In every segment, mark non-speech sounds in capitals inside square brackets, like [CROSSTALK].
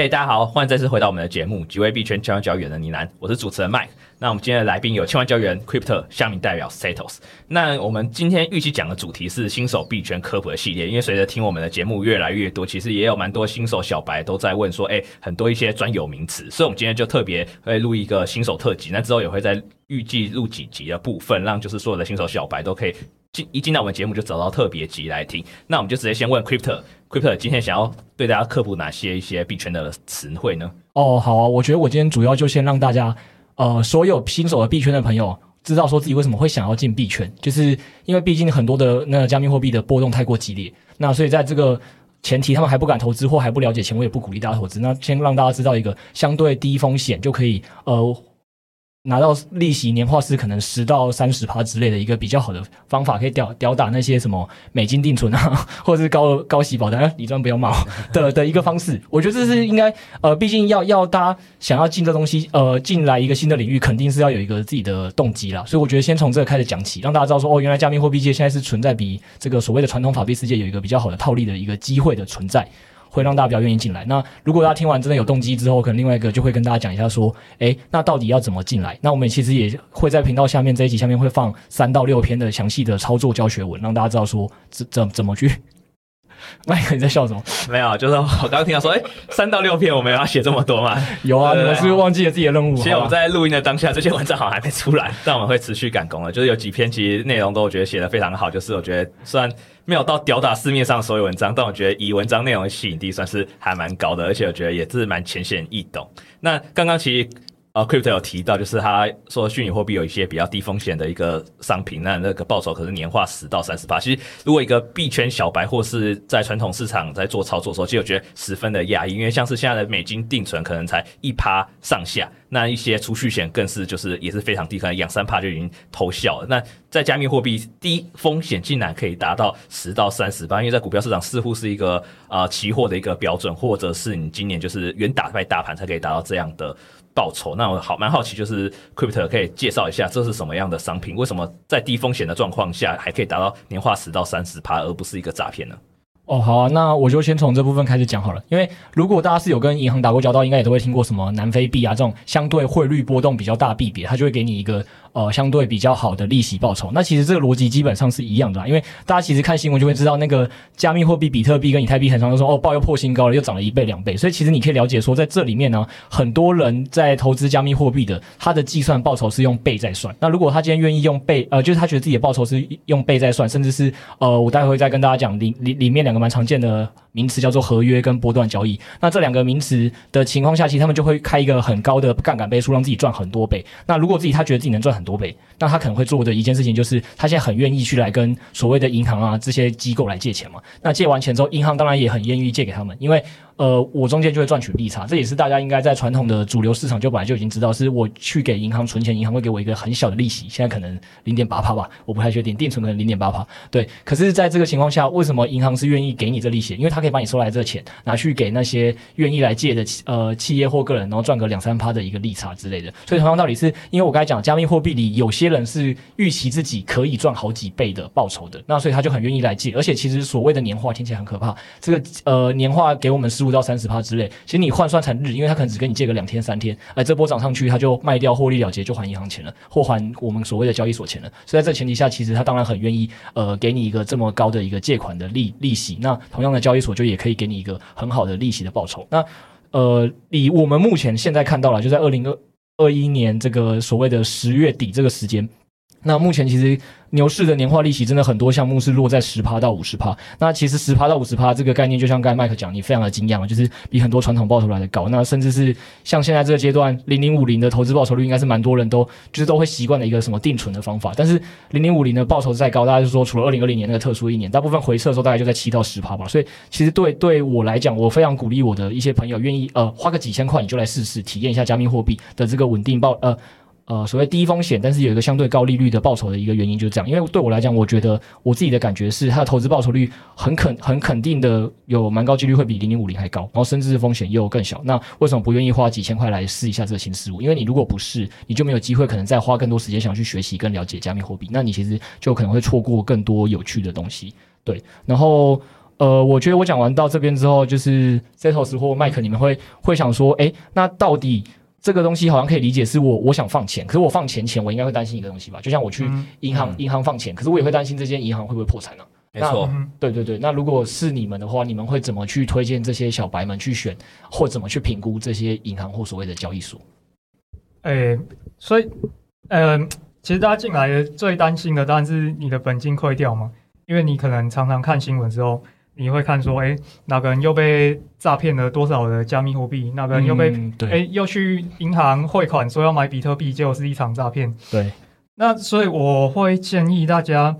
嘿，hey, 大家好，歡迎再次回到我們的節目《幾位幣圈交易員的呢喃》，我是主持人 Mike。那我們今天的來賓有千萬交易員、Crypto 下面代表 Satos 那我們今天預計講的主題是新手幣圈科普的系列，因為隨着聽我們的節目越來越多，其實也有蠻多新手小白都在問說，哎，很多一些專有名詞，所以我們今天就特別會錄一個新手特輯。那之後也會在預計錄幾集的部分，讓就是所有的新手小白都可以進一進到我們節目就找到特別集來聽。那我們就直接先問 Crypto，Crypto 今天想要對大家科普哪些一些幣圈的詞彙呢？哦，oh, 好啊，我覺得我今天主要就先讓大家。呃，所有新手的幣圈的朋友知道說，自己為什麼會想要進幣圈，就是因為畢竟很多的那加密貨幣的波動太過激烈，那所以在這個前提，他們還不敢投資或還不了解前，我也不鼓勵大家投資。那先讓大家知道一個相對低風險就可以，呃。拿到利息年化是可能十到三十趴之類的一個比較好的方法，可以吊吊打那些什麼美金定存啊，或者是高高息保單啊，你這樣不要罵我的的一個方式。我覺得這是應該，呃，畢竟要要大家想要進這東西，呃，進來一個新的領域，肯定是要有一個自己的動機啦。所以我覺得先從這個開始講起，讓大家知道說，哦，原來加密貨幣界現在是存在比這個所謂的傳統法幣世界有一個比較好的套利的一個機會的存在。會讓大家比較願意進來。那如果大家聽完真的有動機之後，可能另外一個就會跟大家講一下說，誒、欸，那到底要怎麼進來？那我們其實也會在頻道下面這一集下面會放三到六篇的詳細的操作教學文，讓大家知道說怎怎怎麼去。麥 [LAUGHS] 克你在笑什麼？沒有，就是我剛剛聽到說，誒、 [LAUGHS] 欸，三到六篇，我沒有要寫這麼多嘛？有啊， [LAUGHS] 你們是不是忘記了自己的任務？ [LAUGHS] 其實我們在錄音的當下，吧 [LAUGHS] 這些文章好像還沒出來，但我們會持續趕工了。就是有幾篇其實內容都我覺得寫得非常好，就是我覺得雖然。沒有到吊打市面上所有文章，但我覺得以文章內容的吸引力算是還蠻高的，而且我覺得也是蠻淺顯易懂。那剛剛其實。Crypto 有提到，就是他說虛擬貨幣有一些比較低風險的一個商品，那那個報酬可是年化十到三十趴。其實如果一個幣圈小白或是在傳統市場在做操作的時候，其實我覺得十分的訝異，因為像是現在的美金定存可能才一趴上下，那一些儲蓄險更是就是也是非常低，可能兩三趴就已經投效笑了。那在加密貨幣低風險竟然可以達到十到三十趴，因為在股票市場似乎是一個呃期貨的一個標準，或者是你今年就是遠打敗大盤才可以達到這樣的。報酬，那我好蠻好奇，就是 Crypto 可以介紹一下，這是什麼樣的商品？為什麼在低風險的狀況下，還可以達到年化十到三十趴，而不是一個詐騙呢？哦，好啊，那我就先從這部分開始講好了。因為如果大家是有跟銀行打過交道，應該也都會聽過什麼南非幣啊這種相對匯率波動比較大幣別，它就會給你一個呃相對比較好的利息報酬。那其實這個邏輯基本上是一樣的啦，因為大家其實看新聞就會知道，那個加密貨幣比特幣跟以太幣很，很常都說哦，報又破新高了，又漲了一倍兩倍。所以其實你可以了解說，在這裡面呢，很多人在投資加密貨幣的，他的計算報酬是用倍在算。那如果他今天願意用倍，呃，就是他覺得自己的報酬是用倍在算，甚至是呃，我待會再跟大家講裡裡裡面兩個。蠻常見的名詞叫做合約跟波段交易，那這兩個名詞的情況下，其實他們就會開一個很高的槓桿倍數，讓自己賺很多倍。那如果自己他覺得自己能賺很多倍，那他可能會做的一件事情就是，他現在很願意去來跟所謂的銀行啊這些機構來借錢嘛。那借完錢之後，銀行當然也很願意借給他們，因為。呃，我中間就會賺取利差，這也是大家應該在傳統的主流市場就本來就已經知道，是我去給銀行存錢，銀行會給我一個很小的利息，現在可能零點八趴吧，我不太確定，定存可能零點八趴。對，可是在這個情況下，為什麼銀行是願意給你這利息？因為他可以把你收來這錢拿去給那些願意來借的呃企業或個人，然後賺個兩三趴的一個利差之類的。所以同樣道理是，是因為我剛才講，加密貨幣裡有些人是預期自己可以賺好幾倍的報酬的，那所以他就很願意來借，而且其實所謂的年化聽起來很可怕，這個呃年化給我們是。不到三十趴之類，其實你換算成日，因為他可能只跟你借個兩天三天，哎，這波漲上去他就賣掉獲利了結，就還銀行錢了，或還我們所謂的交易所錢了。所以在這前提下，其實他當然很願意，呃，給你一個這麼高的一個借款的利利息。那同樣的交易所就也可以給你一個很好的利息的報酬。那，呃，以我們目前現在看到了，就在二零二二一年這個所謂的十月底這個時間。那目前其實牛市的年化利息真的很多項目是落在十趴到五十趴。那其實十趴到五十趴這個概念，就像剛才麥克講，你非常的驚訝，就是比很多傳統報酬來的高。那甚至是像現在這個階段，零零五零的投資報酬率應該是蠻多人都就是都會習慣的一個什麼定存的方法。但是零零五零的報酬再高，大家就說除了二零二零年那個特殊一年，大部分回撤的時候大概就在七到十趴吧。所以其實對對我來講，我非常鼓勵我的一些朋友願意呃，花個幾千塊，你就來試試，體驗一下加密貨幣的這個穩定報呃。呃，所謂低風險，但是有一個相對高利率的報酬的一個原因就是這樣，因為對我來講，我覺得我自己的感覺是它的投資報酬率很肯很肯定的有蠻高幾率會比零零五零還高，然後甚至是風險又更小。那為什麼不願意花幾千塊來試一下這個新事物？因為你如果不試，你就沒有機會可能再花更多時間想去學習更了解加密貨幣，那你其實就可能會錯過更多有趣的東西。對，然後呃，我覺得我講完到這邊之後，就是 Zetos 或 Mike 你們會、嗯、會想說，誒，那到底？這個東西好像可以理解，是我我想放錢，可是我放錢前我應該會擔心一個東西吧？就像我去銀行、嗯、銀行放錢，可是我也會擔心這間銀行會不會破產呢？沒錯，對對對。那如果是你們的話，你們會怎麼去推薦這些小白們去選，或怎麼去評估這些銀行或所謂的交易所？誒、欸，所以，呃，其實大家進來的最擔心的當然是你的本金虧掉嘛，因為你可能常常看新聞之後。你會看說，哎、欸，那個人又被詐騙了多少的加密貨幣？那個人又被哎、嗯欸，又去銀行匯款說要買比特幣，結果是一場詐騙。對，那所以我會建議大家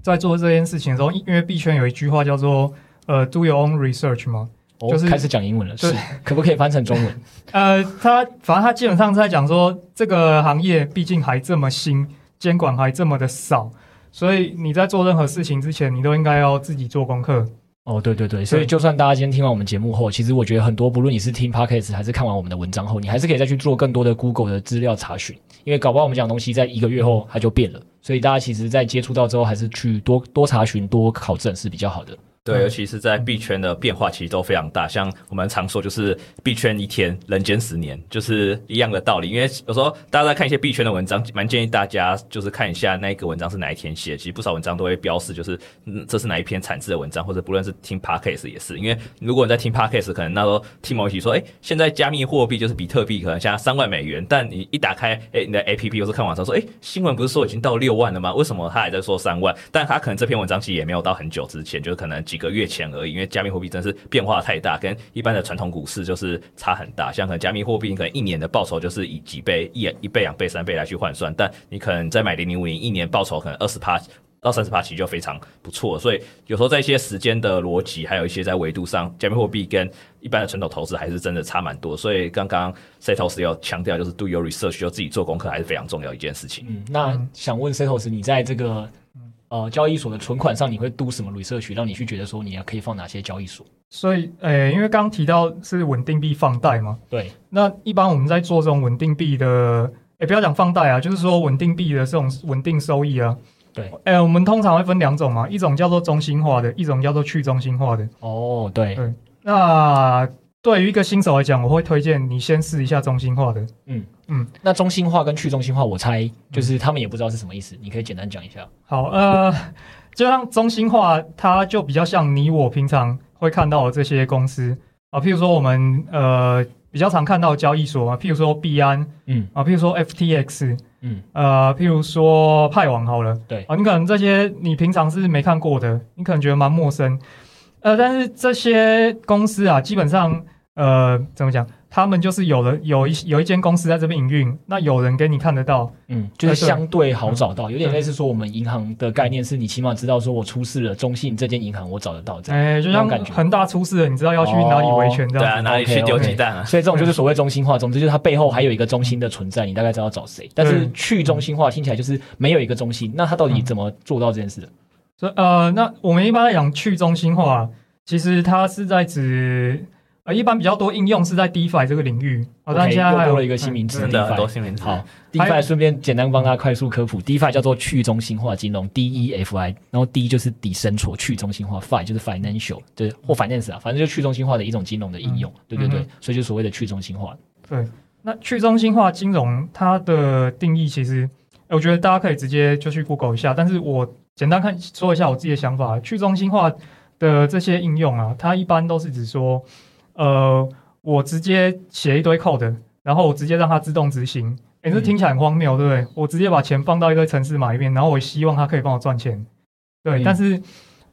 在做這件事情的時候，因為幣圈有一句話叫做“呃，do your own research” 嘛？哦、就是開始講英文了，是 [LAUGHS] 可不可以翻成中文？呃，他反正他基本上在講說，這個行業畢竟還這麼新，監管還這麼的少，所以你在做任何事情之前，你都應該要自己做功課。哦，oh, 對對對，對，所以就算大家今天聽完我們節目後，其實我覺得很多，不論你是聽 podcast 還是看完我們的文章後，你還是可以再去做更多的 Google 的資料查詢，因為搞不好我們講的東西在一個月後它就變了，所以大家其實，在接觸到之後，還是去多多查詢、多考證是比較好的。對，尤其是在幣圈的變化其實都非常大。嗯、像我們常說，就是幣圈一天人間十年，就是一樣的道理。因為有時候大家在看一些幣圈的文章，蠻建議大家就是看一下那一個文章是哪一天寫。其實不少文章都會標示，就是嗯，這是哪一篇產製的文章，或者不論是聽 Podcast 也是。因為如果你在聽 Podcast，可能那時候聽某一集說，哎，現在加密貨幣就是比特幣，可能現在三萬美元。但你一打開，哎，你的 APP 或是看網上說，哎，新聞不是說已經到六萬了嗎？為什麼他還在說三萬？但他可能這篇文章其實也沒有到很久之前，就是可能幾。幾個月前而已，因為加密貨幣真的是變化太大，跟一般的傳統股市就是差很大。像可能加密貨幣，可能一年的報酬就是以幾倍、一、一倍、兩倍、三倍來去換算，但你可能在買零零五零，一年報酬可能二十趴到三十趴起就非常不錯。所以有時候在一些時間的邏輯，還有一些在維度上，加密貨幣跟一般的傳統投資還是真的差蠻多。所以剛剛 s a t o s 要強調就是 Do your research，要自己做功課，還是非常重要的一件事情。嗯，那想問 s a t o s 你在這個。呃、哦，交易所的存款上你會做什麼 research，讓你去覺得說你要可以放哪些交易所？所以，呃，因為剛剛提到是穩定幣放貸嘛，對，那一般我們在做這種穩定幣的，哎，不要講放貸啊，就是說穩定幣的這種穩定收益啊。對，哎，我們通常會分兩種嘛，一種叫做中心化的，一種叫做去中心化的。哦，對對，那。對於一個新手來講，我會推薦你先試一下中心化的。嗯嗯，嗯，那中心化跟去中心化，我猜就是他們也不知道是什麼意思。嗯、你可以簡單講一下。好，呃，就像中心化，它就比較像你我平常會看到的這些公司啊，譬如說我們呃比較常看到的交易所嘛，譬如說幣安，嗯啊，譬如說 FTX，嗯呃，譬如說派網好了，對啊，你可能這些你平常是沒看過的，你可能覺得蠻陌生，呃、啊，但是這些公司啊，基本上。呃，怎麼講？他們就是有人有一有一間公司在這邊營運，那有人給你看得到，嗯，就是相對好找到，哎、有點類似說我們銀行的概念，是你起碼知道說我出事了，中信這間銀行我找得到。這樣哎，就像恆大出事了，你知道要去哪裡維權的，哦、這樣對、啊，哪裡去丟雞蛋？所以這種就是所謂中心化，總之 okay, 就是它背後還有一個中心的存在，嗯、你大概知道要找誰。但是去中心化聽起來就是沒有一個中心，嗯、那它到底怎麼做到這件事？所以呃，那我們一般來講去中心化，其實它是在指。呃、啊，一般比較多應用是在 DeFi 這個領域啊 Okay,、哦，但現在又多了一個新名詞、嗯。的多新名字好 DeFi 順便簡單幫大家快速科普有，DeFi 叫做去中心化金融、嗯、，DeFi，然後 D 就是底層撮，去中心化，Fi、嗯、就是 financial，就是或 financial 啊，反正就是去中心化的一種金融的應用，嗯、對對對，嗯、所以就所謂的去中心化。對，那去中心化金融它的定義，其實我覺得大家可以直接就去 Google 一下，但是我簡單看說一下我自己的想法，去中心化的這些應用啊，它一般都是指說。呃，我直接寫一堆 code，然後我直接讓它自動執行。哎，這聽起來很荒謬，對不對？我直接把錢放到一堆程式碼裡面，然後我希望它可以幫我賺錢。對，嗯、但是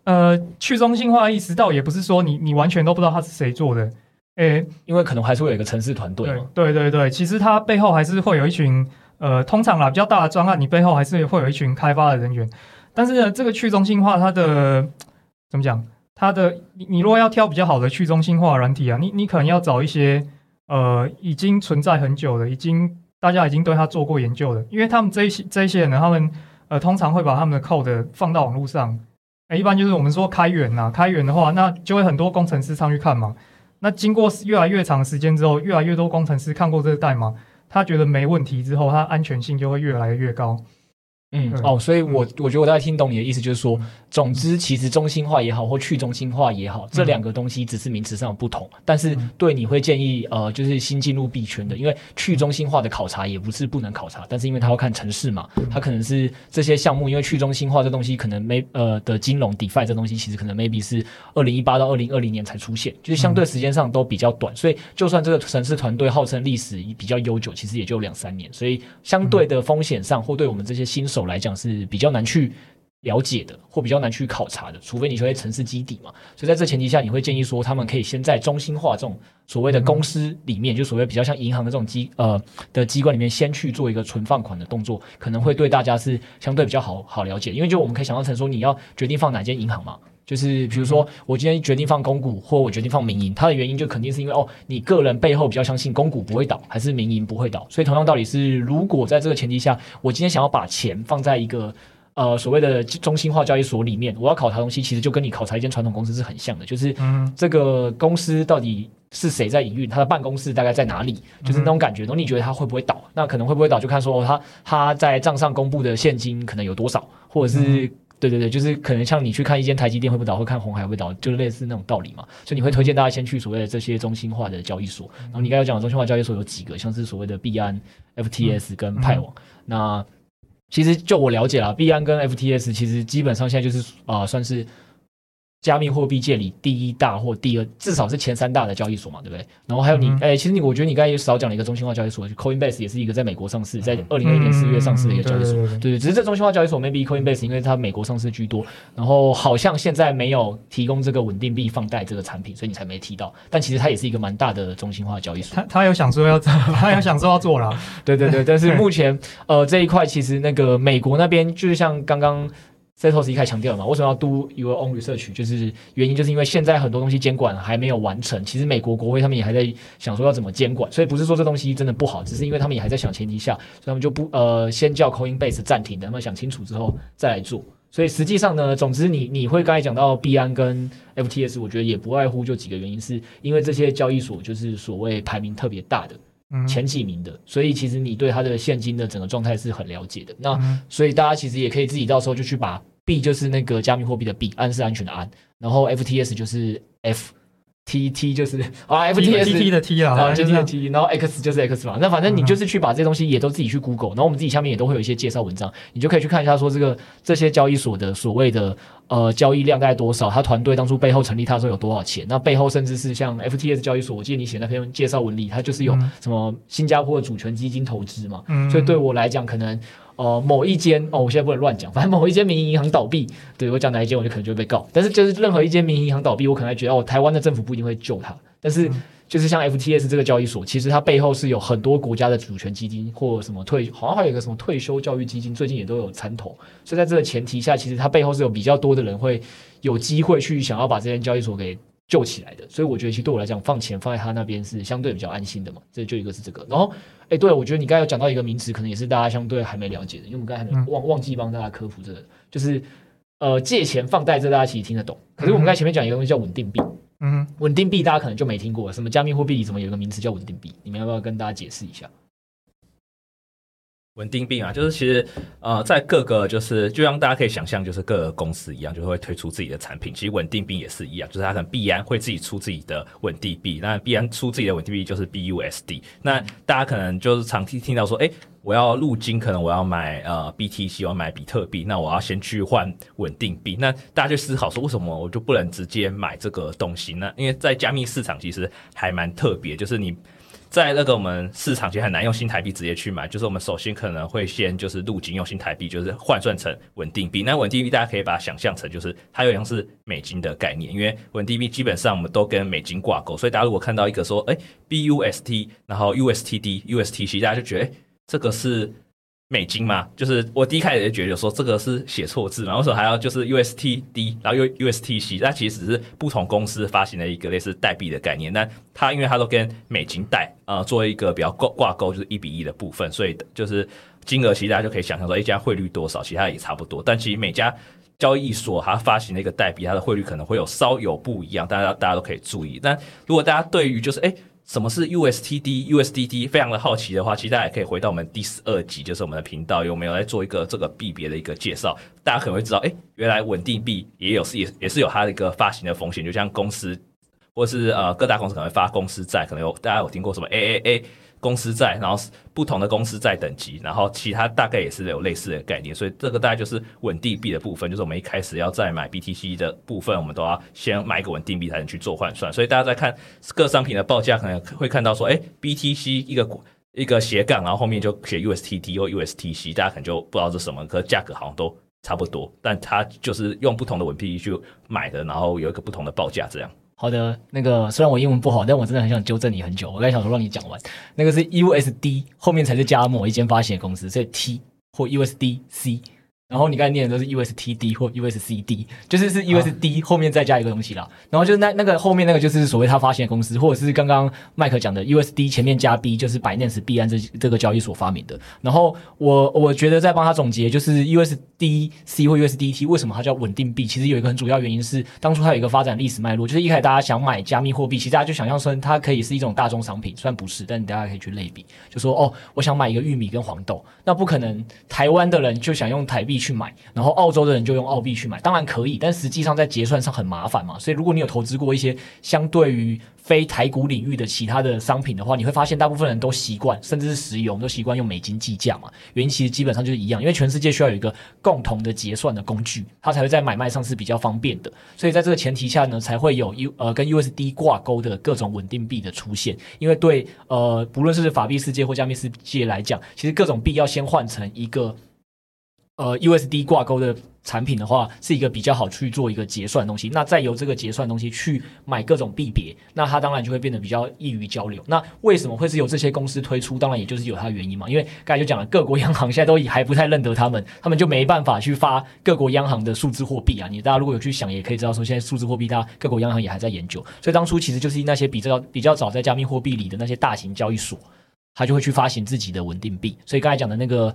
呃，去中心化意思倒也不是說你你完全都不知道它是誰做的，哎，因為可能還是會有一個程式團隊對，對對對，其實它背後還是會有一群呃，通常啦比較大的專案，你背後還是會有一群開發的人員。但是呢，這個去中心化它的怎麼講？它的你，你如果要挑比較好的去中心化軟體啊，你你可能要找一些，呃，已經存在很久的，已經大家已經對它做過研究的，因為他們這一些這一些人呢，他們呃通常會把他們的 code 放到網絡上，哎，一般就是我們說開源吶、啊，開源的話，那就會很多工程師上去看嘛，那經過越來越長時間之後，越來越多工程師看過這個代碼，他覺得沒問題之後，他的安全性就會越來越高。嗯哦，所以我我覺得我大概聽懂你的意思，就是說，嗯、總之其實中心化也好或去中心化也好，這兩個東西只是名詞上的不同，嗯、但是對你會建議呃，就是新進入幣圈的，因為去中心化的考察也不是不能考察，但是因為他要看城市嘛，他可能是這些項目，因為去中心化這東西可能沒呃的金融 DeFi 這東西其實可能 maybe 是二零一八到二零二零年才出現，就是相對時間上都比較短，所以就算這個城市團隊號稱歷史比較悠久，其實也就兩三年，所以相對的風險上或對我們這些新手來講是比較難去了解的，或比較難去考察的，除非你有一些城市基底嘛。所以在這前提下，你會建議說，他們可以先在中心化這種所謂的公司裡面，嗯、就所謂比較像銀行的這種機呃的機關裡面，先去做一個存放款的動作，可能會對大家是相對比較好好了解。因為就我們可以想象成說，你要決定放哪間銀行嘛。就是比如說，我今天決定放公股，或我決定放民營，它的原因就肯定是因為哦，你個人背後比較相信公股不會倒，還是民營不會倒。所以同樣道理是，如果在這個前提下，我今天想要把錢放在一個呃所謂的中心化交易所裡面，我要考察東西，其實就跟你考察一間傳統公司是很像的，就是嗯這個公司到底是誰在營運，他的辦公室大概在哪裡，就是那種感覺。然後你覺得他會不會倒？那可能會不會倒，就看說他他在賬上公布的現金可能有多少，或者是。對對對，就是可能像你去看一間台積電會不倒，或看紅海會倒，就類似那種道理嘛。所以你會推薦大家先去所謂的這些中心化的交易所。然後你剛才講的中心化交易所有幾個，像是所謂的幣安、FTX 跟派網。嗯嗯、那其實就我了解啦，幣安跟 FTX 其實基本上現在就是啊、呃，算是。加密貨幣界裡第一大或第二，至少是前三大的交易所嘛，對不對？然後還有你，誒、嗯欸，其實你，我覺得你剛才也少講了一個中心化交易所，就 Coinbase 也是一個在美國上市，在二零二一年四月上市的一個交易所，對對。只是這中心化交易所 maybe Coinbase 因為它美國上市居多，然後好像現在沒有提供這個穩定幣放貸這個產品，所以你才沒提到。但其實它也是一個蠻大的中心化交易所。他他有想說要，他有想說要做了， [LAUGHS] 做啦，對對對。但是目前，嗯、呃，這一塊其實那個美國那邊，就是像剛剛，Sethos 一開始強調嘛，為什麼要 do your own research？就是原因就是因為現在很多東西監管還沒有完成，其實美國國會他們也還在想說要怎麼監管，所以不是說這東西真的不好，只是因為他們也還在想前提下，所以他們就不呃先叫 Coinbase 暫停的，等他們想清楚之後再來做。所以實際上呢，總之你你會剛才講到幣安跟 FTX，我覺得也不外乎就幾個原因，是因為這些交易所就是所謂排名特別大的。前幾名的，所以其實你對它的現金的整個狀態是很了解的。那所以大家其實也可以自己到時候就去把幣，就是那個加密貨幣的幣，安是安全的安，然後 FTX 就是 F。T T 就是啊、oh，FTX, T S T, T 的 T 啊，啊就是 T，, T, T 然後 X 就是 X 嘛。那反正你就是去把這些東西也都自己去 Google，嗯、然後我們自己下面也都會有一些介紹文章，你就可以去看一下，說這個這些交易所的所謂的呃交易量大概多少，他團隊當初背後成立它的時候有多少錢，那背後甚至是像 FTX 交易所，我記得你寫那篇介紹文裡，它就是有什麼新加坡的主權基金投資嘛，嗯、所以對我來講可能。哦、呃，某一間哦，我現在不能亂講，反正某一間民營銀行倒閉，對，我講哪一間，我就可能就會被告。但是就是任何一間民營銀行倒閉，我可能還覺得哦，台灣的政府不一定會救它。但是就是像 FTX 這個交易所，其實它背後是有很多國家的主權基金或什麼退，好像還有一個什麼退休教育基金，最近也都有參投。所以在這個前提下，其實它背後是有比較多的人會有機會去想要把這間交易所給。救起來的，所以我覺得其實對我來講，放錢放在他那邊是相對比較安心的嘛。這就一個是這個，然後哎，欸、對，我覺得你剛才有講到一個名詞，可能也是大家相對還沒了解的，因為我們剛才還沒忘忘記幫大家科普，這個就是呃借錢放貸，這大家其實聽得懂。可是我們剛才前面講一個東西叫穩定幣，嗯哼，穩定幣大家可能就沒聽過，什麼加密貨幣裡怎麼有一個名詞叫穩定幣？你們要不要跟大家解釋一下？穩定幣啊，就是其實，呃，在各個就是，就像大家可以想象，就是各個公司一樣，就是、會推出自己的產品。其實穩定幣也是一樣，就是它可能幣安會自己出自己的穩定幣，那幣安出自己的穩定幣就是 BUSD。那大家可能就是常聽聽到說，哎，我要入金，可能我要買呃 BTC，我要買比特幣，那我要先去換穩定幣。那大家就思考說，為什麼我就不能直接買這個東西呢？因為在加密市場其實還蠻特別，就是你。在那個我們市場其實很難用新台幣直接去買，就是我們首先可能會先就是入金用新台幣，就是換算成穩定幣。那穩定幣大家可以把它想象成就是它有像是美金的概念，因為穩定幣基本上我們都跟美金掛鈎，所以大家如果看到一個說，哎、欸，BUST，然後 USTD、USTC，大家就覺得，哎、欸，這個是。美金嘛，就是我第一開始就覺得說這個是寫錯字嘛，然後為什麼還要就是 U S D T，然後 U U S D C，那其實只是不同公司發行的一個類似代幣的概念。那它因為它都跟美金代呃做一個比較掛掛鈎，就是一比一的部分，所以就是金額其實大家就可以想象說，一家匯率多少，其他也差不多。但其實每家交易所它發行的一個代幣，它的匯率可能會有稍有不一樣，大家大家都可以注意。但如果大家對於就是哎。欸什麼是 USTD？USDD 非常的好奇的話，其實大家也可以回到我們第十二集，就是我們的頻道，有我們來做一個這個幣別的一個介紹。大家可能會知道，哎，原來穩定幣也有是也也是有它的一個發行的風險，就像公司或是呃各大公司可能會發公司債，可能有大家有聽過什麼，AAA。公司債，然後不同的公司債等級，然後其他大概也是有類似的概念，所以這個大概就是穩定幣的部分，就是我們一開始要再買 BTC 的部分，我們都要先買一個穩定幣才能去做換算。所以大家在看各商品的報價，可能會看到說，哎，BTC 一個一個斜槓，然後後面就寫 USDT 或 USDC，大家可能就不知道是什麼，可是價格好像都差不多，但它就是用不同的穩定幣去買的，然後有一個不同的報價，這樣。好的，那個雖然我英文不好，但我真的很想糾正你很久。我剛才想說讓你講完，那個是 USD，後面才是加某一間發行的公司，所以 T 或 USDC。然後你剛才念的都是 USDT 或 USCD，就是是 USD、啊、後面再加一個東西啦。然後就是那那個後面那個就是所謂他發行的公司，或者是剛剛麥克講的 USD 前面加 B，就是 Binance 幣安這這個交易所發明的。然後我我覺得再幫他總結，就是 USDC 或 USDT 為什麼它叫穩定幣，其實有一個很主要原因是當初它有一個發展歷史脈絡，就是一開始大家想買加密貨幣，其實大家就想象成它可以是一種大宗商品，雖然不是，但大家可以去類比，就說哦，我想買一個玉米跟黃豆，那不可能，台灣的人就想用台幣。去買，然後澳洲的人就用澳幣去買，當然可以，但實際上在結算上很麻煩嘛。所以如果你有投資過一些相對於非台股領域的其他的商品的話，你會發現大部分人都習慣，甚至是石油，都習慣用美金計價嘛。原因其實基本上就是一樣，因為全世界需要有一個共同的結算的工具，它才會在買賣上是比較方便的。所以在這個前提下呢，才會有呃跟 USD 掛鈎的各種穩定幣的出現。因為對呃不論是法幣世界或加密世界來講，其實各種幣要先換成一個。呃，USD 掛鈎的產品的話，是一個比較好去做一個結算的東西。那再由這個結算的東西去買各種幣別，那它當然就會變得比較易於交流。那為什麼會是由這些公司推出？當然也就是有它的原因嘛。因為剛才就講了，各國央行現在都還不太認得他們，他們就沒辦法去發各國央行的數字貨幣啊。你大家如果有去想，也可以知道說，現在數字貨幣大家各國央行也還在研究。所以當初其實就是那些比較比較早在加密貨幣裡的那些大型交易所，他就會去發行自己的穩定幣。所以剛才講的那個。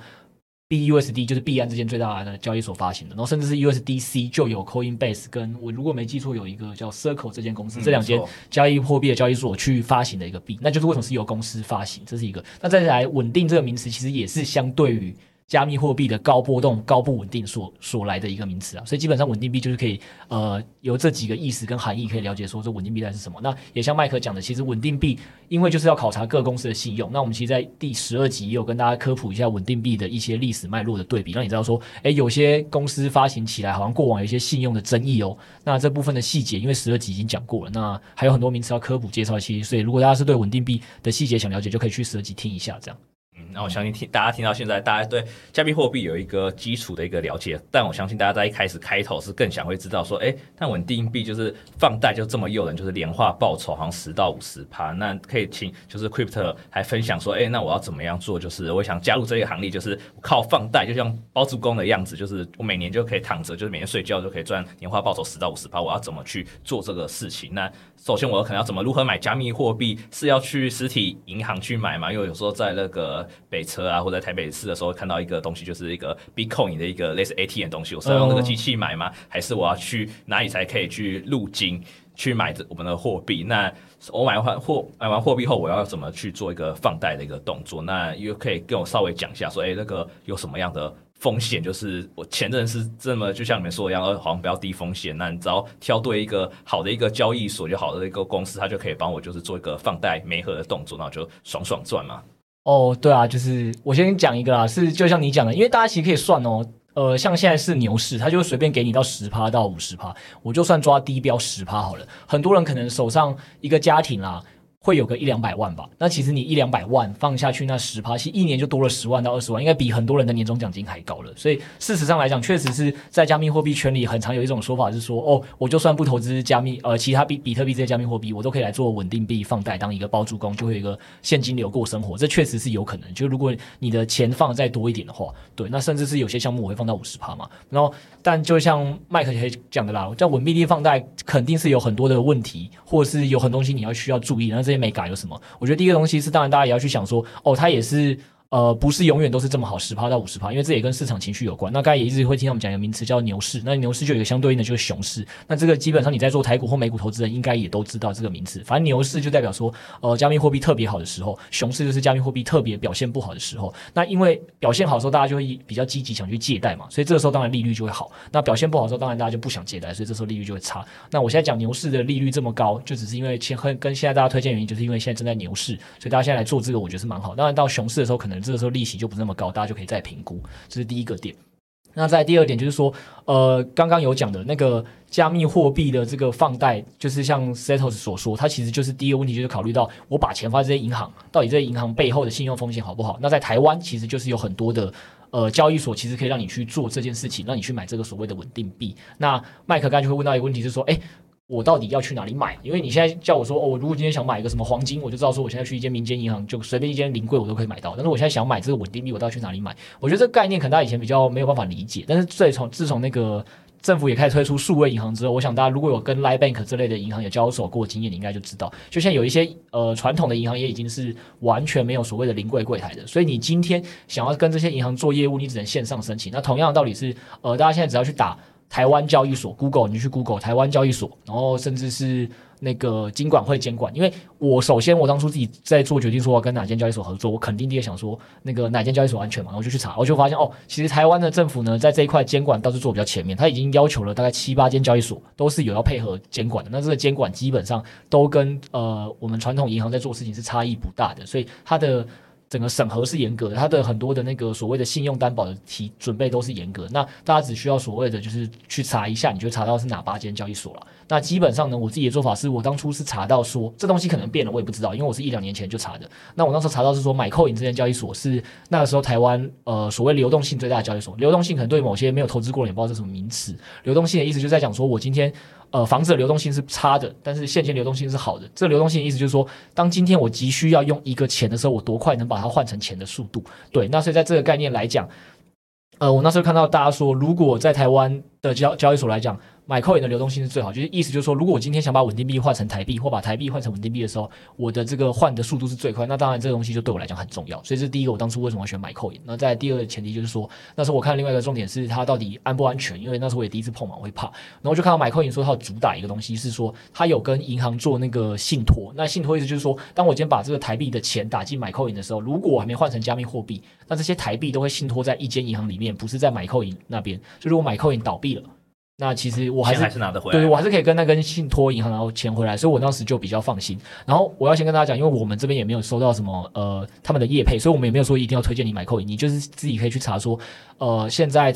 BUSD 就是幣安這間最大的交易所發行的，然後甚至是 USDC 就有 Coinbase 跟我如果沒記錯，有一個叫 Circle 這間公司，這兩間交易貨幣的交易所去發行的一個幣，那就是為什麼是由公司發行，這是一個。那再來穩定這個名詞，其實也是相對於。加密貨幣的高波動、高不穩定所所來的一個名詞啊，所以基本上穩定幣就是可以，呃，由這幾個意思跟含義可以了解說這穩定幣到底是什麼。那也像麥克講的，其實穩定幣因為就是要考察各公司的信用，那我們其實在第十二集也有跟大家科普一下穩定幣的一些歷史脈絡的對比，讓你知道說，誒、欸，有些公司發行起來好像過往有一些信用的爭議哦。那這部分的細節因為十二集已經講過了，那還有很多名詞要科普介紹一些，所以如果大家是對穩定幣的細節想了解，就可以去十二集聽一下這樣。嗯，那我相信聽大家聽到現在，大家對加密貨幣有一個基礎的一個了解。但我相信大家在一開始開頭是更想會知道說，誒，那穩定幣就是放貸就這麼誘人，就是年化報酬好像十到五十趴。那可以請就是 Crypto 還分享說，誒，那我要怎麼樣做？就是我想加入這個行列，就是靠放貸，就像包租公的樣子，就是我每年就可以躺着，就是每天睡覺就可以賺年化報酬十到五十趴。我要怎麼去做這個事情？那首先我可能要怎麼如何買加密貨幣？是要去實體銀行去買嗎？因為有時候在那個。北車啊，或者在台北市的時候看到一個東西，就是一個 Bitcoin 的一個類似 ATM 的東西。我是要用那個機器買嗎？Uh huh. 還是我要去哪裡才可以去入金去買我們的貨幣？那我買完貨，買完貨幣後，我要怎麼去做一個放貸的一個動作？那又可以跟我稍微講一下說，說、欸、哎，那個有什麼樣的風險？就是我前陣子是這麼，就像你們說的一樣，呃好像比較低風險。那你只要挑對一個好的一個交易所，就好的一個公司，他就可以幫我就是做一個放貸、媒合的動作，那我就爽爽賺嘛。哦，oh, 對啊，就是我先講一個啦，是就像你講的，因為大家其實可以算哦，呃，像現在是牛市，他就隨便給你到十趴到五十趴，我就算抓低標十趴好了。很多人可能手上一個家庭啦，啊。會有個一兩百萬吧，那其實你一兩百萬放下去那，那十趴其實一年就多了十萬到二十萬，應該比很多人的年終獎金還高了。所以事實上來講，確實是在加密貨幣圈裡，很常有一種說法是說，哦，我就算不投資加密，呃，其他比比特幣這些加密貨幣，我都可以來做穩定幣放貸，當一個包租公，就會有一個現金流過生活。這確實是有可能。就如果你的錢放再多一點的話，對，那甚至是有些項目我會放到五十趴嘛。然後，但就像麥克也講的啦，叫穩定幣放貸肯定是有很多的問題，或者是有很多東西你要需要注意。然後這美感有什麼？我覺得第一個東西是，當然大家也要去想說，哦，它也是。呃，不是永遠都是這麼好，十趴到五十趴，因為這也跟市場情緒有關。那剛才也一直會聽到我們講一個名詞叫牛市，那牛市就有一個相對應的就是熊市。那這個基本上你在做台股或美股投資人，應該也都知道這個名詞。反正牛市就代表說，呃，加密貨幣特別好的時候，熊市就是加密貨幣特別表現不好的時候。那因為表現好的時候，大家就會比較積極想去借貸嘛，所以這個時候當然利率就會好。那表現不好的時候，當然大家就不想借貸，所以這時候利率就會差。那我現在講牛市的利率這麼高，就只是因為前很跟現在大家推薦原因，就是因為現在正在牛市，所以大家現在來做這個，我覺得是蠻好。當然到熊市的時候，可能。這個時候利息就不是那麼高，大家就可以再評估，這是第一個點。那在第二點就是說，呃，剛剛有講的那個加密貨幣的這個放貸，就是像 Setos 所說，它其實就是第一個問題，就是考慮到我把錢放在這些銀行，到底這些銀行背後的信用風險好不好？那在台灣其實就是有很多的呃交易所，其實可以讓你去做這件事情，讓你去買這個所謂的穩定幣。那麥克剛剛就會問到一個問題，就是說，哎。我到底要去哪裡買啊？因為你現在叫我說，哦，我如果今天想買一個什麼黃金，我就知道說我現在去一間民間銀行，就隨便一間臨櫃我都可以買到。但是我現在想買這個穩定幣，我到底要去哪裡買？我覺得這個概念可能大家以前比較沒有辦法理解。但是最從自從那個政府也開始推出數位銀行之後，我想大家如果有跟 Line Bank 這類的銀行有交手過經驗，你應該就知道。就像有一些呃傳統的銀行也已經是完全沒有所謂的臨櫃櫃台的，所以你今天想要跟這些銀行做業務，你只能線上申請。那同樣的道理是，呃，大家現在只要去打。台灣交易所，Google，你去 Google 台灣交易所，然後甚至是那個金管會監管。因為我首先我當初自己在做決定說要跟哪間交易所合作，我肯定第一個想說那個哪間交易所安全嘛，然後就去查，我就發現哦，其實台灣的政府呢在這一塊監管倒是做比較前面，他已經要求了大概七八間交易所都是有要配合監管的。那這個監管基本上都跟呃我們傳統銀行在做事情是差異不大的，所以它的。整個審核是嚴格的，它的很多的那個所謂的信用擔保的提準備都是嚴格的。那大家只需要所謂的就是去查一下，你就查到是哪八間交易所了。那基本上呢，我自己的做法是我當初是查到說這東西可能變了，我也不知道，因為我是一兩年前就查的。那我那時候查到是說，MaiCoin 這間交易所是那個時候台灣呃、所謂流動性最大的交易所。流動性可能對某些沒有投資過的也不知道這是什麼名詞。流動性的意思就是在講說，我今天呃、房子的流動性是差的，但是現金流動性是好的。這個流動性的意思就是說，當今天我急需要用一個錢的時候，我多快能把它換成錢的速度。對，那所以在這個概念來講，呃，我那時候看到大家說，如果在台灣的交交易所來講。MaiCoin 的流動性是最好，就是意思就是說，如果我今天想把穩定幣換成台幣，或把台幣換成穩定幣的時候，我的這個換的速度是最快，那當然這個東西就對我來講很重要，所以這是第一個我當初為什麼要選 MaiCoin，那在第二個前提就是說，那時候我看另外一個重點是它到底安不安全，因為那時候我也第一次碰嘛，我會怕，然後就看到 MaiCoin 說它主打一個東西是說，它有跟銀行做那個信托，那信托意思就是說，當我今天把這個台幣的錢打進 MaiCoin 的時候，如果我還沒換成加密貨幣，那這些台幣都會信托在一間銀行裡面，不是在 MaiCoin 那邊，所以如果 MaiCoin 倒閉了。那其實我還是還是拿得回來，對，我還是可以跟那根信託銀行然後錢回來，所以我當時就比較放心。然後我要先跟大家講，因為我們這邊也沒有收到什麼呃他們的業配，所以我們也沒有說一定要推薦你買 Coin，你就是自己可以去查說呃現在。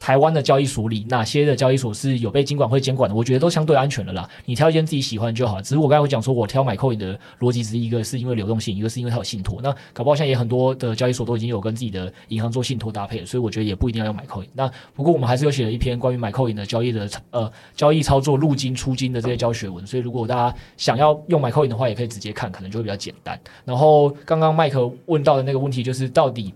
台灣的交易所裡，哪些的交易所是有被金管會監管的？我覺得都相對安全了啦。你挑一間自己喜歡就好。只是我剛才講說，我挑 MaiCoin 的邏輯之一，一個是因為流動性，一個是因為它有信托。那搞不好現在也很多的交易所都已經有跟自己的銀行做信托搭配了，所以我覺得也不一定要用 MaiCoin。那不過我們還是有寫了一篇關於 MaiCoin 的交易的呃交易操作入金出金的這些教學文，所以如果大家想要用 MaiCoin 的話，也可以直接看，可能就會比較簡單。然後剛剛麥克問到的那個問題就是到底。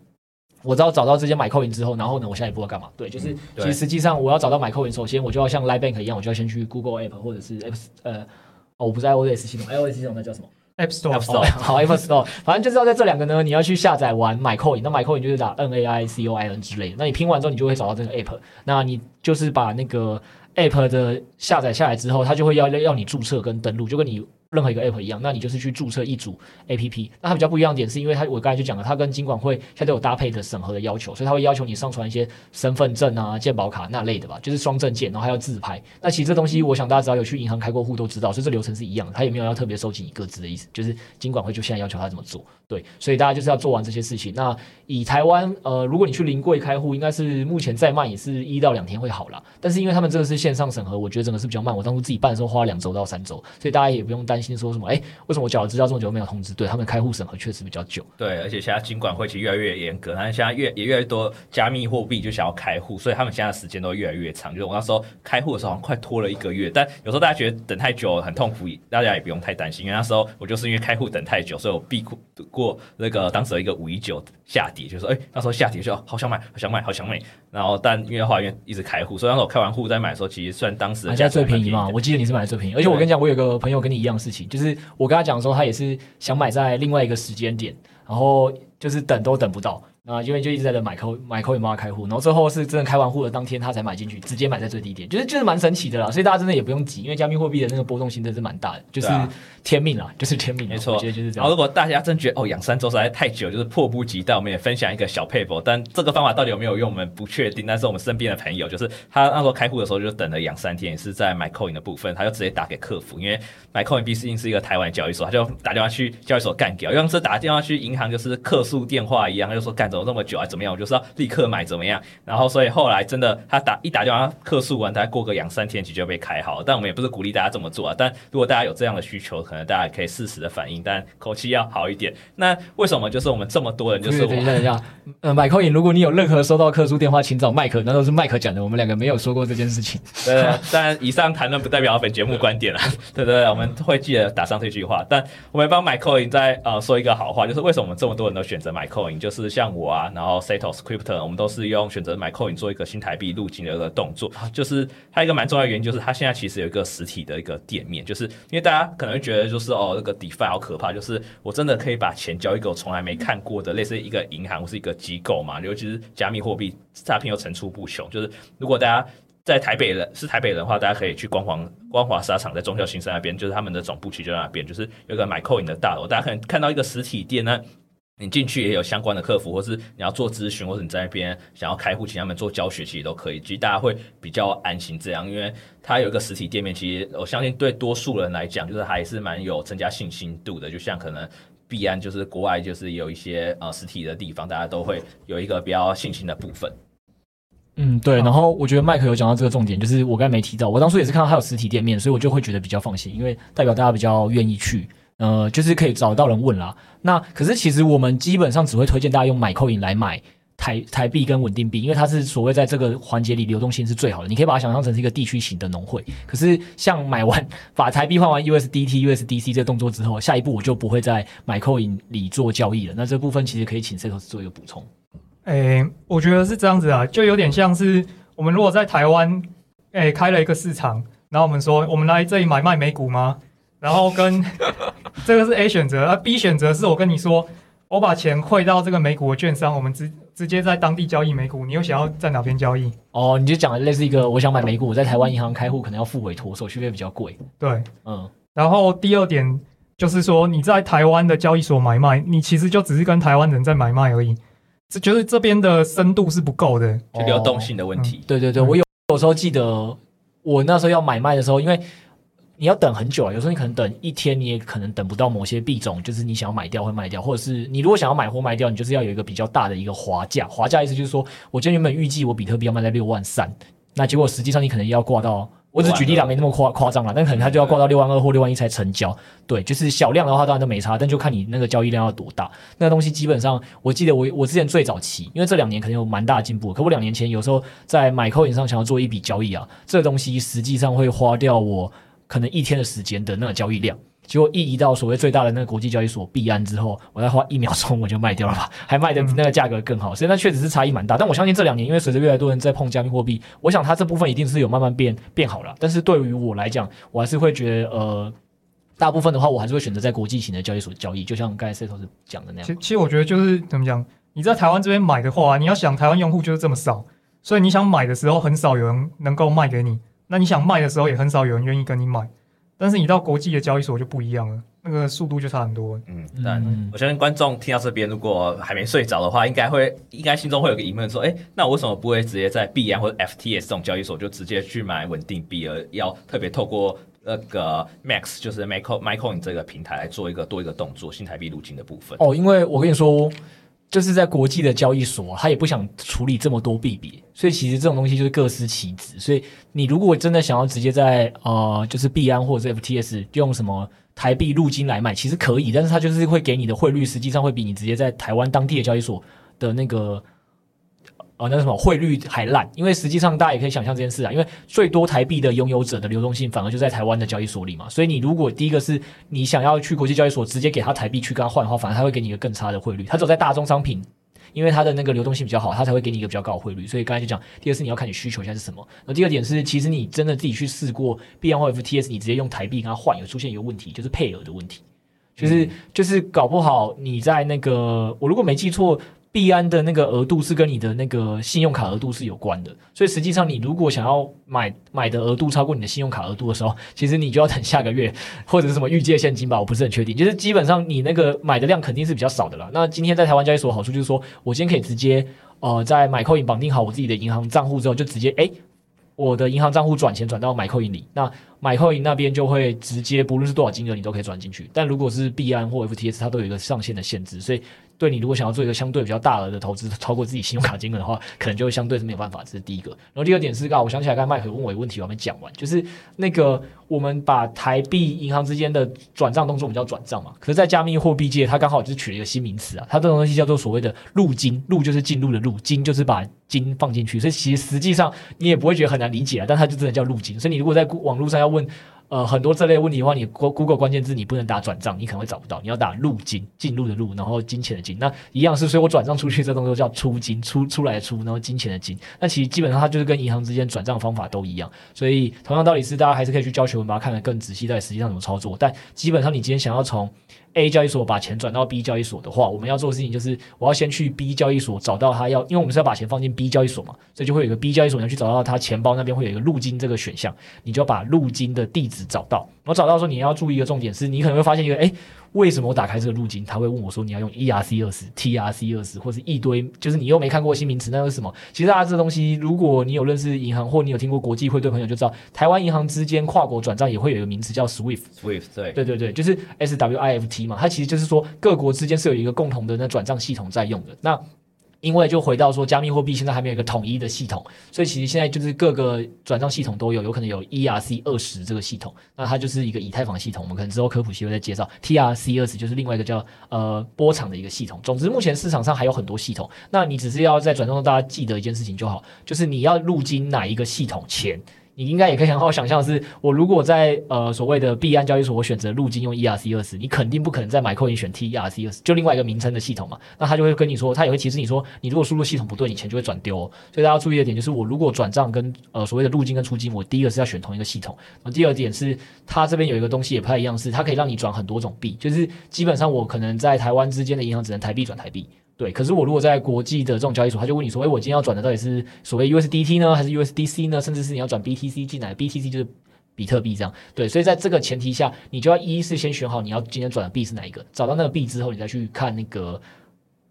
我只要找到這些買扣 o 之後，然後呢，我下一步要幹嘛？對，就是其實實際上我要找到買扣 o 首先我就要像 lie bank 一樣，我就要先去 Google App 或者是 App s 呃哦，我不是 iOS 系統，iOS 系統那叫什麼 App Store？a p p、oh, Store。好 [LAUGHS] ，App Store，反正就是要在這兩個呢，你要去下載完買扣 o 那買扣 o 就是打 N A I C O I N 之類的，那你拼完之後，你就會找到這個 App，、mm hmm. 那你就是把那個 App 的下載下來之後，它就會要要你注冊跟登錄，就跟你。任何一個 APP 一樣，那你就是去註冊一組 APP。那它比較不一樣的點是因為它，我剛才就講了，它跟金管會現在都有搭配的審核的要求，所以它會要求你上傳一些身份證啊、健保卡那類的吧，就是雙證件，然後還要自拍。那其實這東西，我想大家只要有去銀行開過戶都知道，所以這流程是一樣的，它也沒有要特別收集你個資的意思，就是金管會就現在要求他這麼做。對，所以大家就是要做完這些事情。那以台灣，呃，如果你去臨櫃開戶，應該是目前再慢也是一到兩天會好啦。但是因為他們這個是線上審核，我覺得整個是比較慢。我當初自己辦的時候花了兩周到三周，所以大家也不用擔心。今天說什麼？哎、欸，為什麼我繳了資料這麼久沒有通知？對他們開戶審核確實比較久。對，而且現在金管會其實越來越嚴格，但是現在越、也越來越多加密貨幣就想要開戶，所以他們現在的時間都越來越長。就是我那時候開戶的時候，好像快拖了一個月。但有時候大家覺得等太久很痛苦，嗯、大家也不用太擔心，因為那時候我就是因為開戶等太久，所以我避過過那個當時的一個五一九下跌。就說哎、欸，那時候下跌就好想買，好想買，好想買。然後，但因為花園一直開戶，所以當時我開完戶再買的時候，其實算當時，買在最便宜嘛，我記得你是買的最便宜。而且我跟你講，對我有個朋友跟你一樣事情，就是我跟他講的時候，他也是想買在另外一個時間點，然後就是等都等不到。啊、呃，因為就一直在這買 c o 買 Coin 嘛開戶，然後最後是真的開完戶的當天，他才買進去，直接買在最低點，就是就是蠻神奇的啦。所以大家真的也不用急，因為加密貨幣的那個波動性真的是蠻大的，就是天命啦，就是天命沒錯錯，然後、哦、如果大家真覺得哦，養三周實在太久，就是迫不及待，我們也分享一個小撇步，但這個方法到底有沒有用，我們不確定。但是我們身邊的朋友，就是他那時候開戶的時候就等了養三天，也是在買 Coin 的部分，他就直接打給客服，因為買 Coin 畢竟是一個台灣交易所，他就打電話去交易所幹掉，因為這打電話去銀行就是客訴電話一樣，他就說幹。走這麼久啊，哎、怎麼樣？我就是要立刻買，怎麼樣？然後，所以後來真的，他打一打電話客訴完，他過個兩三天，其實就被開好了。但我們也不是鼓勵大家這麼做啊。但如果大家有這樣的需求，可能大家也可以適時的反應，但口氣要好一點。那為什麼？就是我們這麼多人，就是我等一下等一下呃，MaiCoin 如果你有任何收到客訴電話，請找麥克。那都是麥克講的，我們兩個沒有說過這件事情。 [LAUGHS] 對，但以上談論不代表本節目觀點啊。 [LAUGHS] 對對對，我們會記得打上這句話。但我們幫 MaiCoin 再呃說一個好話，就是為什麼我們這麼多人都選擇 MaiCoin，就是像我。啊，然後 Setoscripter，我們都是用選擇買 Coin 做一個新台幣入金的一個動作，就是它一個蠻重要的原因，就是它現在其實有一個實體的一個店面，就是因為大家可能會覺得就是哦，那、這個 Defi 好可怕，就是我真的可以把錢交易給我從來沒看過的類似一個銀行或是一個機構嘛？尤其是加密貨幣詐騙又層出不窮，就是如果大家在台北人是台北人的話，大家可以去光華光華商場在忠孝新生那邊，就是他們的總部區就在那邊，就是有一個買 Coin 的大樓，大家可能看到一個實體店呢。你進去也有相關的客服，或是你要做諮詢，或者你在那邊想要開戶，請他們做教學，其實都可以。其實大家會比較安心這樣，因為它有一個實體店面。其實我相信對多數人來講，就是還是蠻有增加信心度的。就像可能必然就是國外就是有一些呃實體的地方，大家都會有一個比較信心的部分。嗯，對。然後我覺得麥克有講到這個重點，就是我剛才沒提到，我當初也是看到他有實體店面，所以我就會覺得比較放心，因為代表大家比較願意去。呃，就是可以找到人問啦。那可是其實我們基本上只會推薦大家用 MaiCoin 來買台台幣跟穩定幣，因為它是所謂在這個環節裡流動性是最好的。你可以把它想象成是一個地區型的農會。可是像買完把台幣換完 USDT、USDC 這個動作之後，下一步我就不會在 MaiCoin 裡做交易了。那這部分其實可以請 Seth 做一個補充。誒、欸，我覺得是這樣子啊，就有點像是我們如果在台灣誒、欸，開了一個市場，然後我們說我們來這裡買賣美股嗎？ [LAUGHS] 然後跟這個是 A 選擇，而、啊、B 選擇是我跟你說，我把錢匯到這個美股的券商，我們直直接在當地交易美股。你又想要在哪邊交易？哦，你就講的類似一個，我想買美股，我在台灣銀行開戶，可能要付委托手續費比較貴。對，嗯。然後第二點就是說，你在台灣的交易所買賣，你其實就只是跟台灣人在買賣而已，這就是這邊的深度是不夠的，就流動性的問題。哦嗯、對對對，我有有時候記得我那時候要買賣的時候，因為。你要等很久啊，有時候你可能等一天，你也可能等不到某些幣種，就是你想要買掉或賣掉，或者是你如果想要買或賣掉，你就是要有一個比較大的一個滑價。滑價意思就是說，我今天原本預計我比特幣要賣在六萬三，那結果實際上你可能要掛到，我只舉例啦，沒那麼誇誇張啦，但可能它就要掛到六萬二或六萬一才成交。對，就是小量的話當然都沒差，但就看你那個交易量要多大。那個東西基本上，我記得我我之前最早期，因為這兩年可能有蠻大的進步，可我兩年前有時候在 MaiCoin 上想要做一筆交易啊，這個東西實際上會花掉我。可能一天的時間的那個交易量，結果一移到所謂最大的那個國際交易所幣安之後，我再花一秒鐘我就賣掉了吧，還賣的比那個價格更好，嗯、所以那確實是差異蠻大。但我相信這兩年，因為隨着越來越多人在碰加密貨幣，我想它這部分一定是有慢慢變變好了、啊。但是對於我來講，我還是會覺得呃，大部分的話，我還是會選擇在國際型的交易所交易，就像剛才 C 頭是講的那樣。其實我覺得就是怎麼講，你在台灣這邊買的話、啊，你要想台灣用戶就是這麼少，所以你想買的時候，很少有人能夠賣給你，那你想賣的時候也很少有人願意跟你買，但是你到國際的交易所就不一樣了，那個速度就差很多。嗯，但我相信觀眾聽到這邊，如果還沒睡着的話，應該，應該會應該心中會有個疑問：說，哎、欸，那我為什麼不會直接在幣安或者 FTX 這種交易所就直接去買穩定幣，而要特別透過那個 MAX 就是 MaiCoin、MaiCoin 這個平台來做一個多一個動作新台幣入金的部分？哦，因為我跟你說。就是在國際的交易所啊，他也不想處理這麼多幣別，所以其實這種東西就是各司其職。所以你如果真的想要直接在呃，就是幣安或者 FTX 用什麼台幣入金來買，其實可以，但是他就是會給你的匯率，實際上會比你直接在台灣當地的交易所的那個。哦，那什麼匯率還爛？因為實際上大家也可以想象這件事啊，因為最多台幣的擁有者的流動性反而就在台灣的交易所裡嘛，所以你如果第一個是你想要去國際交易所直接給他台幣去跟他換的話，反而他會給你一個更差的匯率。他只有在大宗商品，因為他的那個流動性比較好，他才會給你一個比較高的匯率。所以剛才就講，第二是你要看你需求一下是什麼。那第二點是，其實你真的自己去試過幣安或 FTX，你直接用台幣跟他換，有出現一個問題，就是配額的問題，就是、嗯、就是搞不好你在那個我如果沒記錯。幣安的那個額度是跟你的那個信用卡額度是有關的，所以實際上你如果想要買買的額度超過你的信用卡額度的時候，其實你就要等下個月或者是什麼預借現金吧，我不是很確定。就是基本上你那個買的量肯定是比較少的了。那今天在台灣交易所好處就是說我今天可以直接，呃，在 MaiCoin 綁定好我自己的銀行賬戶之後，就直接哎我的銀行賬戶轉錢轉到 MaiCoin 裡，那 MaiCoin 那邊就會直接，不論是多少金額你都可以轉進去。但如果是幣安或 FTX，它都有一個上限的限制，所以。對，你如果想要做一個相對比較大額的投資，超過自己信用卡金額的話，可能就會相對是沒有辦法。這是第一個。然後第二點是啊，我想起來，剛才麥克問我一個問題，我還沒講完，就是那個我們把台幣銀行之間的轉賬動作，我們叫轉賬嘛。可是，在加密貨幣界，它剛好就是取了一個新名詞啊，它這種東西叫做所謂的入金，入就是進入的入，金就是把金放進去。所以其實實際上你也不會覺得很難理解啊，但它就真的叫入金。所以你如果在網絡上要問。呃，很多這類問題的話，你 Google 關鍵字你不能打轉賬，你可能會找不到。你要打入金，進入的入，然後金錢的金。那一樣是，所以我轉賬出去這東西叫出金，出出來的出，然後金錢的金。那其實基本上它就是跟銀行之間轉賬的方法都一樣。所以同樣道理是，大家還是可以去教學我們把它看得更仔細，在實際上怎麼操作。但基本上你今天想要從。A 交易所把錢轉到 B 交易所的話，我們要做的事情就是，我要先去 B 交易所找到他要，因為我們是要把錢放進 B 交易所嘛，所以就會有一個 B 交易所你要去找到他錢包那邊會有一個入金這個選項，你就要把入金的地址找到。我找到的時候你要注意一個重點是，你可能會發現一個，誒。為什麼我打開這個路徑，他會問我說：“你要用 ERC20、TRC20、或是一堆，就是你又沒看過新名詞，那是什麼？”其實大、啊、家這東西，如果你有認識銀行或你有聽過國際匯兌朋友就知道，台灣銀行之間跨國轉賬也會有一個名詞叫 SWIFT。SWIFT 對，對對對，就是 SWIFT 嘛，它其實就是說各國之間是有一個共同的那轉賬系統在用的。那因為就回到說，加密貨幣現在還沒有一個統一的系統，所以其實現在就是各個轉賬系統都有，有可能有 E R C 二十這個系統，那它就是一個以太坊系統，我們可能之後科普期會再介紹 T R C 二十就是另外一個叫呃波場的一個系統。總之，目前市場上還有很多系統，那你只是要在轉賬中大家記得一件事情就好，就是你要入金哪一個系統前。你應該也可以很好想象的是，是我如果在呃所謂的幣安交易所，我選擇入金用 ERC20，你肯定不可能在 MaiCoin 選 TRC20，就另外一個名稱的系統嘛，那他就會跟你說，他也會提示你說，你如果輸入系統不對，你錢就會轉丟，哦。所以大家注意的點就是，我如果轉賬跟呃所謂的入金跟出金，我第一個是要選同一個系統，第二點是它這邊有一個東西也不太一樣，是它可以讓你轉很多種幣，就是基本上我可能在台灣之間的銀行只能台幣轉台幣。對，可是我如果在國際的這種交易所，他就問你說：“欸，我今天要轉的到底是所謂 USDT 呢，還是 USDC 呢？甚至是你要轉 BTC 進來，BTC 就是比特幣這樣。”對，所以在這個前提下，你就要一一是先選好你要今天轉的幣是哪一個，找到那個幣之後，你再去看那個。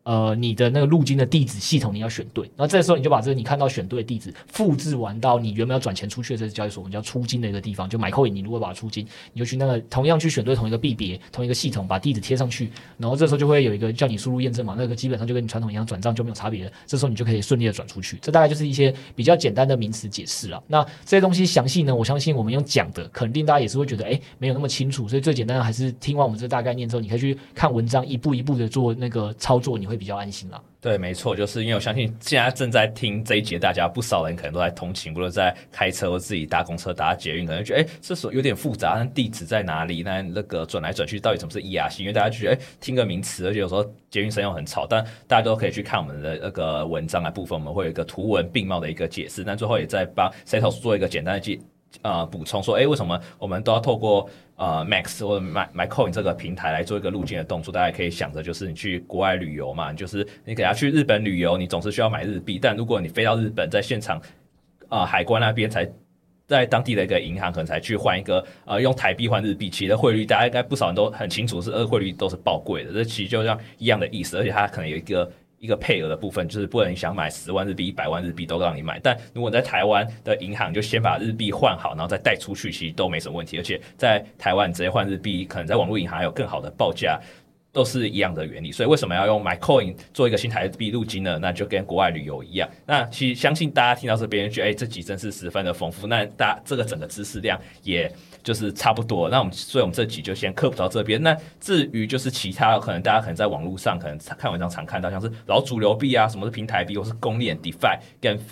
呃，你的那個入金的地址系統你要選對，那這時候你就把這個你看到選對的地址複製完到你原本要轉錢出去的這個交易所，我們叫出金的一個地方，就 MaiCoin。你如果把它出金，你就去那個同樣去選對同一個幣別、同一個系統，把地址貼上去，然後這時候就會有一個叫你輸入驗證碼，那個基本上就跟你傳統一樣，轉賬就沒有差別了，這時候你就可以順利的轉出去。這大概就是一些比較簡單的名詞解釋啊。那這些東西詳細呢，我相信我們用講的，肯定大家也是會覺得誒、欸，沒有那麼清楚，所以最簡單的還是聽完我們這大概念之後，你可以去看文章，一步一步的做那個操作，你會。會比較安心啦。對，沒錯，就是因為我相信現在正在聽這一集，大家不少人可能都在通勤，或者在開車，或自己搭公車、搭捷運，可能覺得哎，這所有點複雜，但地址在哪裡？那那個轉來轉去，到底怎麼是 E R C？因為大家就覺得哎，聽個名詞，而且有時候捷運聲又很吵，但大家都可以去看我們的那個文章啊部分，我們會有一個圖文並茂的一個解釋。但最後也在幫 Setos 做一個簡單的記。嗯呃，補充說，誒，為什麼我們都要透過呃，MAX 或者 Mai MaiCoin 這個平台來做一個路徑的動作？大家可以想着，就是你去國外旅遊嘛，就是你給他去日本旅遊，你總是需要買日幣，但如果你飛到日本，在現場啊、呃、海關那邊才在當地的一個銀行可能才去換一個呃用台幣換日幣，其實匯率大家應該不少人都很清楚是，是匯率都是爆貴的。這其實就像一樣的意思，而且它可能有一個。一個配額的部分，就是不能想買十萬日幣、一百萬日幣都讓你買。但如果在台灣的銀行，就先把日幣換好，然後再帶出去，其實都沒什麼問題。而且在台灣直接換日幣，可能在網絡銀行還有更好的報價。都是一樣的原理，所以為什麼要用 MyCoin 做一個新台幣入金呢？那就跟國外旅遊一樣。那其實相信大家聽到這邊，誒、欸，這集真是十分的豐富。那大這個整個知識量也就是差不多。那我們，所以我們這集就先科普到這邊。那至於就是其他可能大家可能在網絡上可能看文章常看到像是老主流幣啊，什麼是平台幣，或是公鏈、DeFi、跟 e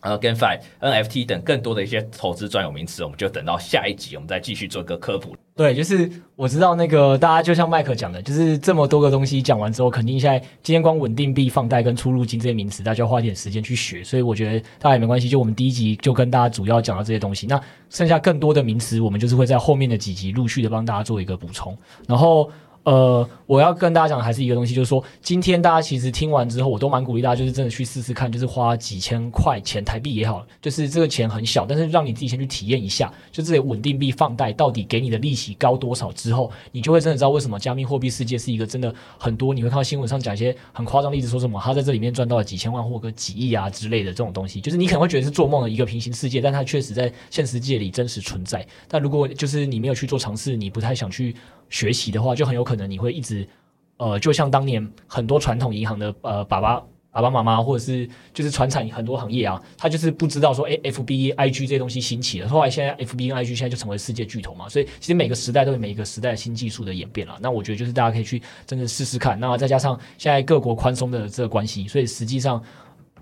呃 GameFi NFT 等更多的一些投資專有名詞，我們就等到下一集我們再繼續做一個科普。對，就是我知道那個大家就像麥克講的，就是這麼多個東西講完之後，肯定現在今天光穩定幣放貸跟出入金這些名詞，大家就要花一點時間去學。所以我覺得大家也沒關係，就我們第一集就跟大家主要講到這些東西。那剩下更多的名詞，我們就是會在後面的幾集陸續的幫大家做一個補充。然後。呃，我要跟大家講的還是一個東西，就是說，今天大家其實聽完之後，我都蠻鼓勵大家，就是真的去試試看，就是花幾千塊錢台幣也好，就是這個錢很小，但是讓你自己先去體驗一下，就這些穩定幣放貸到底給你的利息高多少之後，你就會真的知道為什麼加密貨幣世界是一個真的很多，你會看到新聞上講一些很誇張的例子，說什麼他在這裡面賺到了幾千萬或個幾億啊之類的這種東西，就是你可能會覺得是做夢的一個平行世界，但它確實在現實界裡真實存在。但如果就是你沒有去做嘗試，你不太想去。學習的話就很有可能你會一直，呃，就像當年很多傳統銀行的呃爸爸，爸爸媽媽或者是就是傳產很多行業啊，他就是不知道說哎，欸，FB、IG 這些東西興起了，後來現在 FB、IG 現在就成為世界巨頭嘛。所以其實每個時代都有每一個時代新技術的演變啦。那我覺得就是大家可以去真的試試看。那再加上現在各國寬鬆的這個關係，所以實際上，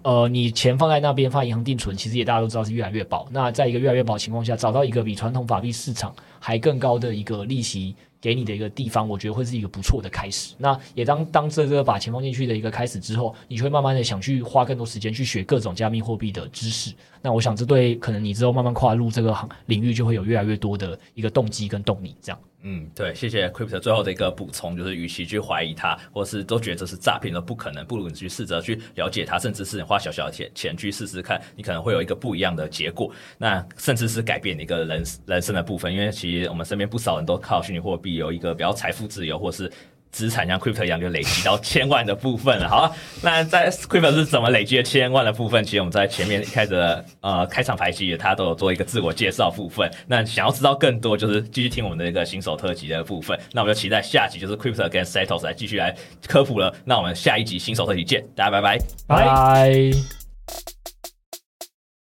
呃，你錢放在那邊放銀行定存，其實也大家都知道是越來越薄。那在一個越來越薄情況下，找到一個比傳統法幣市場還更高的一個利息給你的一個地方，我覺得會是一個不錯的開始。那也當當這個把錢放進去的一個開始之後，你就會慢慢的想去花更多時間去學各種加密貨幣的知識。那我想，這對可能你之後慢慢跨入這個行領域，就會有越來越多的一個動機跟動力。這樣，嗯，對，謝謝 Crypto 最後的一個補充，就是與其去懷疑它，或是都覺得是詐騙都不可能，不如你去試着去了解它，甚至是花小小錢錢去試試看，你可能會有一個不一樣的結果。那甚至是改變你一個人人生的部分，因為其實我們身邊不少人都靠虛擬貨幣有一個比較財富自由，或是。資產像 crypto 一樣就累積到千萬的部分了，好、啊、那在 crypto 是怎麼累積了千萬的部分？其實我們在前面一開始的呃開場排期，他都有做一個自我介紹部分。那想要知道更多，就是繼續聽我們的一個新手特輯的部分。那我們就期待下集就是 crypto 跟 Satoshi 來繼續來科普了。那我們下一集新手特輯見，大家拜拜，Bye. 拜，拜。